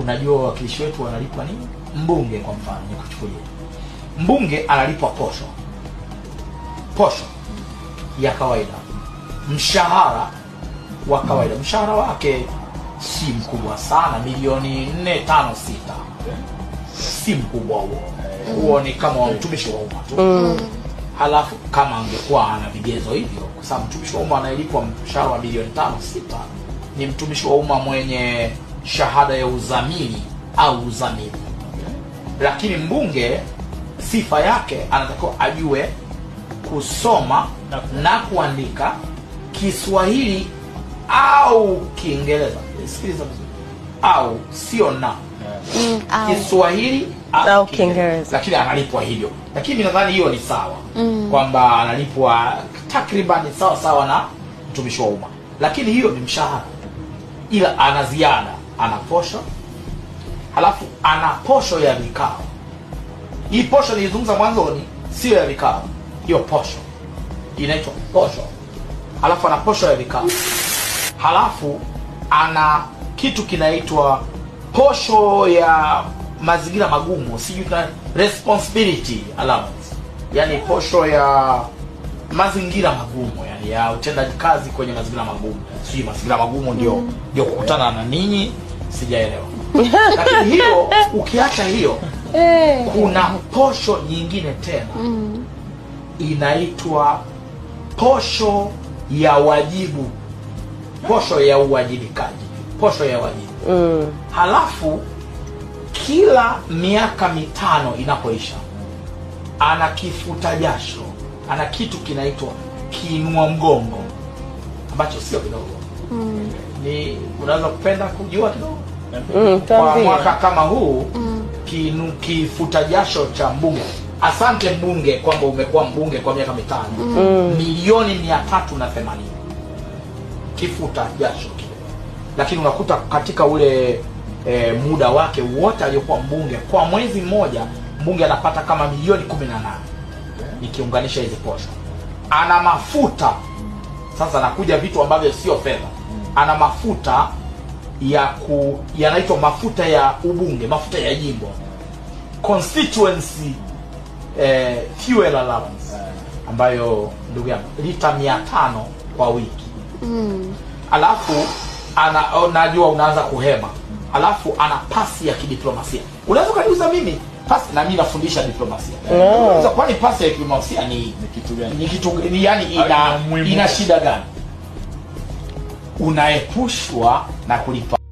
unajua wawakilishi wetu wanalipwa nini? Mbunge kwa mfano nikuchukulia mbunge analipwa posho, posho ya kawaida, mshahara wa kawaida. Mshahara wake si mkubwa sana, milioni nne tano sita, si mkubwa huo huo, ni kama wa mtumishi wa umma tu mm. Halafu kama angekuwa ana vigezo hivyo, kwa sababu mtumishi wa umma anayelipwa mshahara wa milioni tano sita ni mtumishi wa umma mwenye shahada ya uzamili au uzamili, lakini mbunge sifa yake anatakiwa ajue kusoma na kuandika Kiswahili au Kiingereza. Sikiliza vizuri, au sio na mm, Kiswahili au Kiingereza, lakini analipwa hivyo. Lakini nadhani hiyo ni sawa mm, kwamba analipwa takribani sawa sawa na mtumishi wa umma, lakini hiyo ni mshahara, ila ana ziada ana posho, halafu ana posho ya vikao. Hii posho nilizungumza mwanzoni, sio ya vikao, hiyo posho inaitwa posho. Halafu ana posho ya vikao, halafu ana kitu kinaitwa posho ya mazingira magumu, sijui responsibility allowance, yani posho ya mazingira magumu, yani ya utendaji kazi kwenye mazingira magumu, sijui mazingira magumu ndio mm-hmm. ndio kukutana na ninyi sijaelewa. Lakini hiyo ukiacha hiyo eh. kuna posho nyingine tena mm. inaitwa posho ya wajibu, posho ya uwajibikaji, posho ya wajibu mm. Halafu kila miaka mitano inapoisha, ana kifuta jasho, ana kitu kinaitwa kinua mgongo ambacho sio kidogo mm ni unaweza kupenda kujua kidogo mm, kwa mwaka kama huu mm. kinu, kifuta jasho cha mbunge asante mbunge kwamba umekuwa mbunge kwa miaka mitano mm. mm. milioni mia tatu na themanini kifuta jasho kile lakini unakuta katika ule e, muda wake wote aliyokuwa mbunge kwa mwezi mmoja mbunge anapata kama milioni kumi na nane nikiunganisha hizi posho ana mafuta sasa nakuja vitu ambavyo sio fedha ana mafuta ya ku yanaitwa mafuta ya ubunge, mafuta ya jimbo constituency eh, fuel allowance ambayo ndugu yangu lita mia tano kwa wiki mm. Alafu ana najua unaanza kuhema, alafu ana pasi ya kidiplomasia. Unaweza ukajuza mimi pasi na mimi nafundisha diplomasia yeah. Oh. Kwani pasi ya diplomasia ni ni kitu gani? Ni kitu yani, ina, ina shida gani? unaepushwa na kulipa